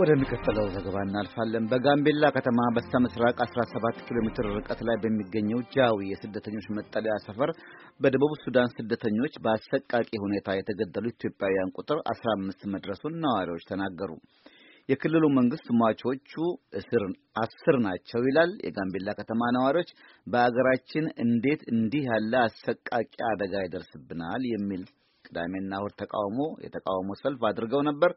ወደሚቀጥለው ዘገባ እናልፋለን። በጋምቤላ ከተማ በስተምስራቅ 17 ኪሎ ሜትር ርቀት ላይ በሚገኘው ጃዊ የስደተኞች መጠለያ ሰፈር በደቡብ ሱዳን ስደተኞች በአሰቃቂ ሁኔታ የተገደሉ ኢትዮጵያውያን ቁጥር 15 መድረሱን ነዋሪዎች ተናገሩ። የክልሉ መንግስት ሟቾቹ አስር ናቸው ይላል። የጋምቤላ ከተማ ነዋሪዎች በአገራችን እንዴት እንዲህ ያለ አሰቃቂ አደጋ ይደርስብናል የሚል ቅዳሜና እሁድ ተቃውሞ የተቃውሞ ሰልፍ አድርገው ነበር።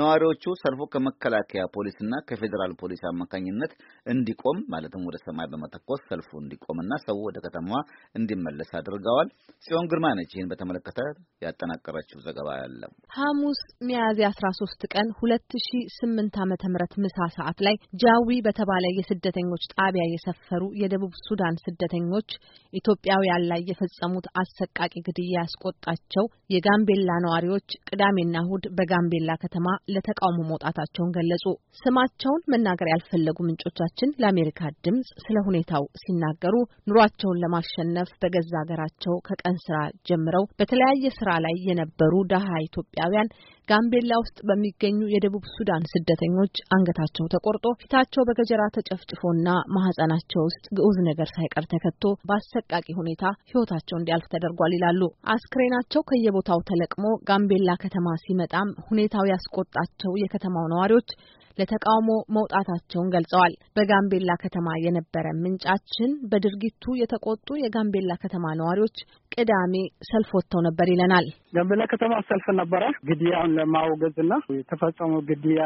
ነዋሪዎቹ ሰልፉ ከመከላከያ ፖሊስና ከፌዴራል ፖሊስ አማካኝነት እንዲቆም ማለትም ወደ ሰማይ በመተኮስ ሰልፉ እንዲቆምና ሰው ወደ ከተማዋ እንዲመለስ አድርገዋል። ጽዮን ግርማ ነች ይህን በተመለከተ ያጠናቀረችው ዘገባ ያለው ሐሙስ ሚያዝያ 13 ቀን 2008 ዓ.ም ምሳ ሰዓት ላይ ጃዊ በተባለ የስደተኞች ጣቢያ የሰፈሩ የደቡብ ሱዳን ስደተኞች ኢትዮጵያውያን ላይ የፈጸሙት አሰቃቂ ግድያ ያስቆጣቸው የ የጋምቤላ ነዋሪዎች ቅዳሜና እሁድ በጋምቤላ ከተማ ለተቃውሞ መውጣታቸውን ገለጹ። ስማቸውን መናገር ያልፈለጉ ምንጮቻችን ለአሜሪካ ድምጽ ስለ ሁኔታው ሲናገሩ ኑሯቸውን ለማሸነፍ በገዛ ሀገራቸው ከቀን ስራ ጀምረው በተለያየ ስራ ላይ የነበሩ ደሃ ኢትዮጵያውያን ጋምቤላ ውስጥ በሚገኙ የደቡብ ሱዳን ስደተኞች አንገታቸው ተቆርጦ ፊታቸው በገጀራ ተጨፍጭፎና ማህፀናቸው ውስጥ ግዑዝ ነገር ሳይቀር ተከቶ በአሰቃቂ ሁኔታ ሕይወታቸው እንዲያልፍ ተደርጓል ይላሉ። አስክሬናቸው ከየቦታው ተለቅሞ ጋምቤላ ከተማ ሲመጣም ሁኔታው ያስቆጣቸው የከተማው ነዋሪዎች ለተቃውሞ መውጣታቸውን ገልጸዋል። በጋምቤላ ከተማ የነበረ ምንጫችን በድርጊቱ የተቆጡ የጋምቤላ ከተማ ነዋሪዎች ቅዳሜ ሰልፍ ወጥተው ነበር ይለናል። ጋምቤላ ከተማ ሰልፍ ነበረ ግድያውን ለማውገዝ እና የተፈጸመው ግድያ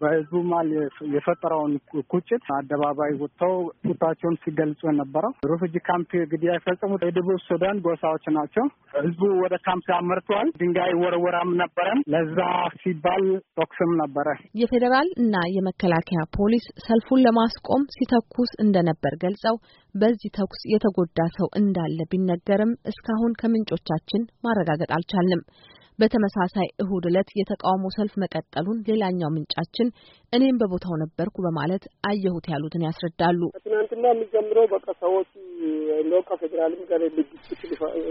በህዝቡ ማል የፈጠረውን ቁጭት አደባባይ ወጥተው ቁጣቸውን ሲገልጹ የነበረው ሩፍጂ ካምፕ ግድያ የፈጸሙት የደቡብ ሱዳን ጎሳዎች ናቸው። ህዝቡ ወደ ካምፕ አመርተዋል። ድንጋይ ወረወራም ነበረም። ለዛ ሲባል ተኩስም ነበረ። የፌዴራል እና የመከላከያ ፖሊስ ሰልፉን ለማስቆም ሲተኩስ እንደነበር ገልጸው በዚህ ተኩስ የተጎዳ ሰው እንዳለ ቢነገርም እስካሁን ከምንጮቻችን ማረጋገጥ አልቻልንም። በተመሳሳይ እሁድ ዕለት የተቃውሞ ሰልፍ መቀጠሉን ሌላኛው ምንጫችን እኔም በቦታው ነበርኩ በማለት አየሁት ያሉትን ያስረዳሉ። ትናንትና የሚጀምረው በቃ ሰዎች እንደው ከፌዴራልም ጋር ልጅት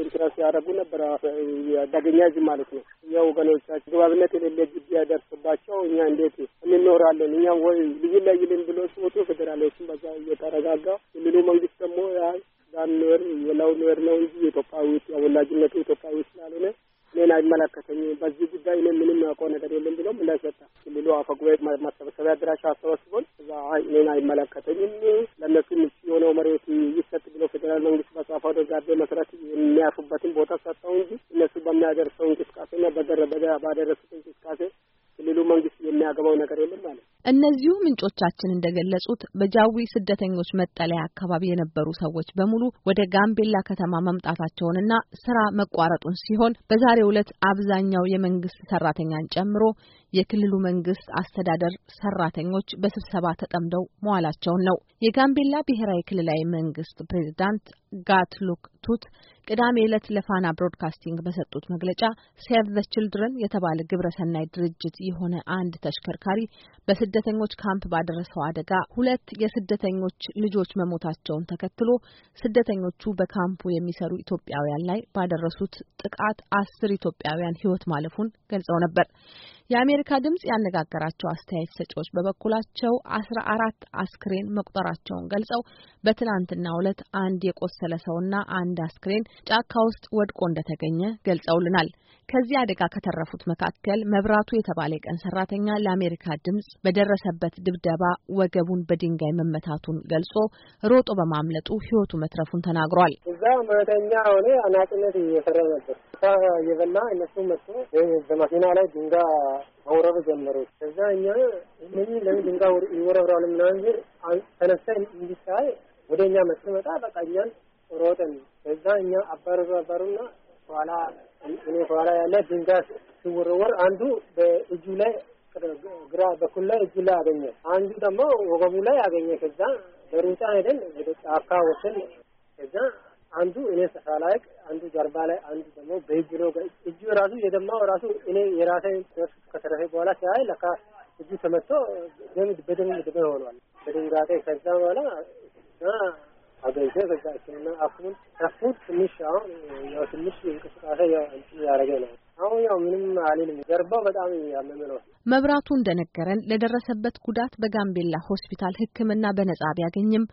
ኢንትራንስ ነበረ። ነበር። ዳገኛ ህዝብ ማለት ነው። ያው ወገኖቻችን ግባብነት የሌለ ግቢ ያደርስባቸው እኛ እንዴት እንኖራለን? እኛ ወይ ልዩ ላይ ብሎ ሲወጡ ፌዴራሎችን በዛ እየተረጋጋ ክልሉ መንግስት ደግሞ ያ ዛን ኖር የላው ኖር ነው እንጂ ኢትዮጵያዊት ወላጅነቱ ኢትዮጵያዊት አይመለከተኝም፣ በዚህ ጉዳይ እኔ ምንም ያውቀው ነገር የለም ብሎም እንዳይሰጠ ሰጠ። ክልሉ አፈጉባኤ ማሰባሰቢያ አድራሻ አሰባስቦን እዛ እኔን አይመለከተኝም ለእነሱ ምስ የሆነው መሬት ይሰጥ ብሎ ፌዴራል መንግስት በጻፈው ደብዳቤ መሰረት የሚያርፉበትን ቦታ ሰጠው እንጂ እነሱ በሚያደርሰው እንቅስቃሴና ባደረሱት እንቅስቃሴ ክልሉ መንግስት የሚያገባው ነገር የለም ማለት ነው። እነዚሁ ምንጮቻችን እንደገለጹት በጃዊ ስደተኞች መጠለያ አካባቢ የነበሩ ሰዎች በሙሉ ወደ ጋምቤላ ከተማ መምጣታቸውንና ስራ መቋረጡን ሲሆን በዛሬው ዕለት አብዛኛው የመንግስት ሰራተኛን ጨምሮ የክልሉ መንግስት አስተዳደር ሰራተኞች በስብሰባ ተጠምደው መዋላቸውን ነው። የጋምቤላ ብሔራዊ ክልላዊ መንግስት ፕሬዚዳንት ጋትሉክ ቱት ቅዳሜ ዕለት ለፋና ብሮድካስቲንግ በሰጡት መግለጫ ሴቭ ዘ ችልድረን የተባለ ግብረ ሰናይ ድርጅት የሆነ አንድ ተሽከርካሪ በስደተኞች ካምፕ ባደረሰው አደጋ ሁለት የስደተኞች ልጆች መሞታቸውን ተከትሎ ስደተኞቹ በካምፑ የሚሰሩ ኢትዮጵያውያን ላይ ባደረሱት ጥቃት አስር ኢትዮጵያውያን ሕይወት ማለፉን ገልጸው ነበር። የአሜሪካ ድምጽ ያነጋገራቸው አስተያየት ሰጪዎች በበኩላቸው አስራ አራት አስክሬን መቁጠራቸውን ገልጸው በትናንትናው ዕለት አንድ የቆሰለ ሰውና አንድ አስክሬን ጫካ ውስጥ ወድቆ እንደተገኘ ገልጸውልናል። ከዚህ አደጋ ከተረፉት መካከል መብራቱ የተባለ የቀን ሰራተኛ ለአሜሪካ ድምጽ በደረሰበት ድብደባ ወገቡን በድንጋይ መመታቱን ገልጾ ሮጦ በማምለጡ ሕይወቱ መትረፉን ተናግሯል። እዛ መተኛ ሆነ አናጭነት እየሰራ ነበር። እየበላ እነሱ መጥቶ በመኪና ላይ ድንጋይ መውረብ ጀመሩ። ከዛ እኛ እነህ ለምን ድንጋይ ይወረብራሉ ምናምን ተነስተ እንዲሳይ ወደ እኛ መስመጣ በቃ እኛን ሮጠን ከዛ እኛ አባረሩ አባሩና ኋላ እኔ ኋላ ያለ ድንጋይ ሲወረወር አንዱ በእጁ ላይ ግራ በኩል ላይ እጁ ላይ አገኘ፣ አንዱ ደግሞ ወገቡ ላይ አገኘ። ከዛ በሩጫ ሄደን ወደ ጫካ ወሰን። ከዛ አንዱ እኔ ሳላውቅ አንዱ ጀርባ ላይ አንዱ ደግሞ በእጁ ነው። እጁ ራሱ የደማው ራሱ እኔ የራሴ ከተረፈ በኋላ ሲያይ ለካ እጁ ተመቶ በደም ድበ ሆኗል። በድንጋጤ ከዛ በኋላ አገኝተህ በዛ ሕክምና አፉን አፉን ትንሽ አሁን ያው ትንሽ እንቅስቃሴ ያው እንትን ያደረገ ነው አሁን ያው ምንም አልልም። ጀርባው በጣም ያመመ ነው። መብራቱ እንደነገረን ለደረሰበት ጉዳት በጋምቤላ ሆስፒታል ሕክምና በነጻ ቢያገኝም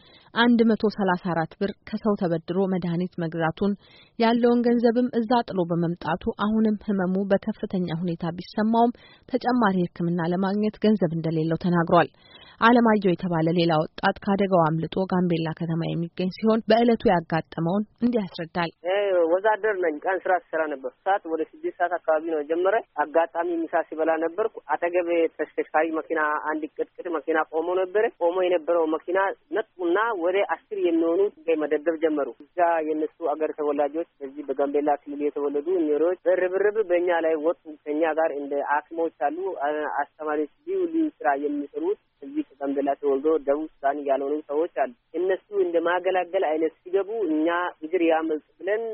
አንድ መቶ ሰላሳ አራት ብር ከሰው ተበድሮ መድኃኒት መግዛቱን ያለውን ገንዘብም እዛ ጥሎ በመምጣቱ አሁንም ህመሙ በከፍተኛ ሁኔታ ቢሰማውም ተጨማሪ ሕክምና ለማግኘት ገንዘብ እንደሌለው ተናግሯል። አለማየሁ የተባለ ሌላ ወጣት ከአደጋው አምልጦ ጋምቤላ ከተማ የሚገኝ ሲሆን በእለቱ ያጋጠመውን እንዲህ ያስረዳል። ወዛደር ነኝ። ቀን ስራ ስሰራ ነበር። ሰዓት ወደ ስድስት ሰዓት ሰዓት አካባቢ ነው ጀመረ አጋጣሚ ምሳ ሲበላ ነበርኩ። አጠገብ ተሽከርካሪ መኪና አንድ ቅጥቅጥ መኪና ቆሞ ነበረ። ቆሞ የነበረው መኪና ነጥቁና ወደ አስር የሚሆኑ ድንጋይ መደብደብ ጀመሩ። እዛ የነሱ አገር ተወላጆች በዚህ በጋምቤላ ክልል የተወለዱ ኒሮች ብርብርብ በእኛ ላይ ወጡ። ከኛ ጋር እንደ አክሞች አሉ፣ አስተማሪዎች፣ ልዩ ልዩ ስራ የሚሰሩት እዚህ ከጋምቤላ ተወልዶ ደቡብ ሱዳን ያልሆኑ ሰዎች አሉ። እነሱ እንደ ማገላገል አይነት ሲገቡ እኛ እግር ያመልጥ ብለን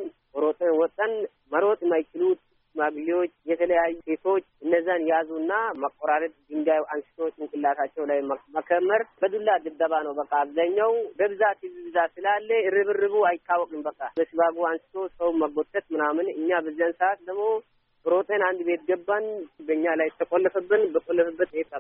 ሮጠን ወጠን መሮጥ የማይችሉት ሽማግሌዎች፣ የተለያዩ ሴቶች እነዛን ያዙና መቆራረጥ፣ ድንጋይ አንስቶ ጭንቅላታቸው ላይ መከመር፣ በዱላ ድብደባ ነው። በቃ አብዛኛው በብዛት ብዛት ስላለ ርብርቡ አይታወቅም። በቃ በሽባጉ አንስቶ ሰው መጎተት ምናምን። እኛ በዚያን ሰዓት ደግሞ ሮጠን አንድ ቤት ገባን። በእኛ ላይ ተቆለፈብን። በቆለፈበት ቤት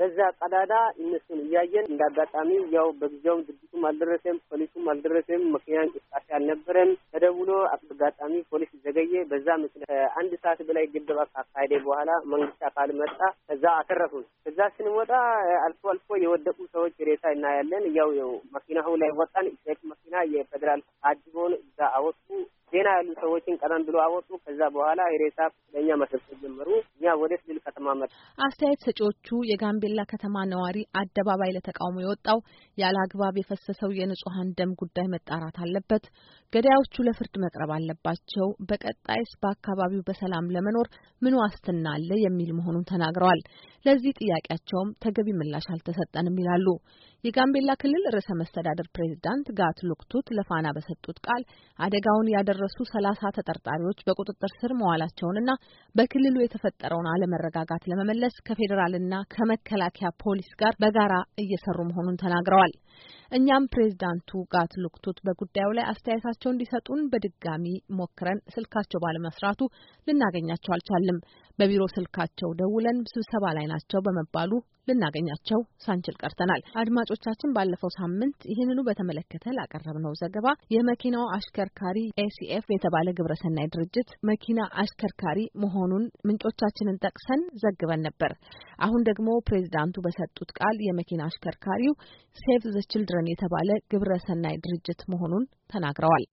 በዛ ቀዳዳ እነሱን እያየን እንዳጋጣሚ ያው በጊዜውም ድርጅቱም አልደረሰም፣ ፖሊሱም አልደረሰም። መኪናን አልነበረም። ተደውሎ አጋጣሚ ፖሊስ ዘገየ። በዛ ምክንያት አንድ ሰዓት በላይ ድብደባ ካካሄደ በኋላ መንግስት አካል መጣ። ከዛ አተረፉን። ከዛ ስንወጣ አልፎ አልፎ የወደቁ ሰዎች ሬሳ እናያለን። ያው ያው መኪናው ላይ ወጣን። መኪና የፌዴራል አጅቦን እዛ አወጡ። ዜና ያሉ ሰዎችን ቀደም ብሎ አወጡ። ከዛ በኋላ የሬሳ ለእኛ መሰብሰብ ጀመሩ። እኛ ወደ ስልል ከተማ መጡ። አስተያየት ሰጪዎቹ የጋምቤላ ከተማ ነዋሪ አደባባይ ለተቃውሞ የወጣው ያለ አግባብ የፈሰሰው የንጹሀን ደም ጉዳይ መጣራት አለበት፣ ገዳዮቹ ለፍርድ መቅረብ አለባቸው፣ በቀጣይስ በአካባቢው በሰላም ለመኖር ምን ዋስትና አለ የሚል መሆኑን ተናግረዋል። ለዚህ ጥያቄያቸውም ተገቢ ምላሽ አልተሰጠንም ይላሉ። የጋምቤላ ክልል ርዕሰ መስተዳድር ፕሬዚዳንት ጋት ሉክቱት ለፋና በሰጡት ቃል አደጋውን ያደረሱ ሰላሳ ተጠርጣሪዎች በቁጥጥር ስር መዋላቸውንና በክልሉ የተፈጠረውን አለመረጋጋት ለመመለስ ከፌዴራልና ከመከላከያ ፖሊስ ጋር በጋራ እየሰሩ መሆኑን ተናግረዋል። እኛም ፕሬዚዳንቱ ጋት ሉክቱት በጉዳዩ ላይ አስተያየታቸው እንዲሰጡን በድጋሚ ሞክረን ስልካቸው ባለመስራቱ ልናገኛቸው አልቻልም። በቢሮ ስልካቸው ደውለን ስብሰባ ላይ ናቸው በመባሉ ልናገኛቸው ሳንችል ቀርተናል። አድማጮ አድማጮቻችን ባለፈው ሳምንት ይህንኑ በተመለከተ ላቀረብነው ዘገባ የመኪናው አሽከርካሪ ኤሲኤፍ የተባለ ግብረሰናይ ድርጅት መኪና አሽከርካሪ መሆኑን ምንጮቻችንን ጠቅሰን ዘግበን ነበር። አሁን ደግሞ ፕሬዚዳንቱ በሰጡት ቃል የመኪና አሽከርካሪው ሴቭ ዘ ችልድረን የተባለ ግብረሰናይ ድርጅት መሆኑን ተናግረዋል።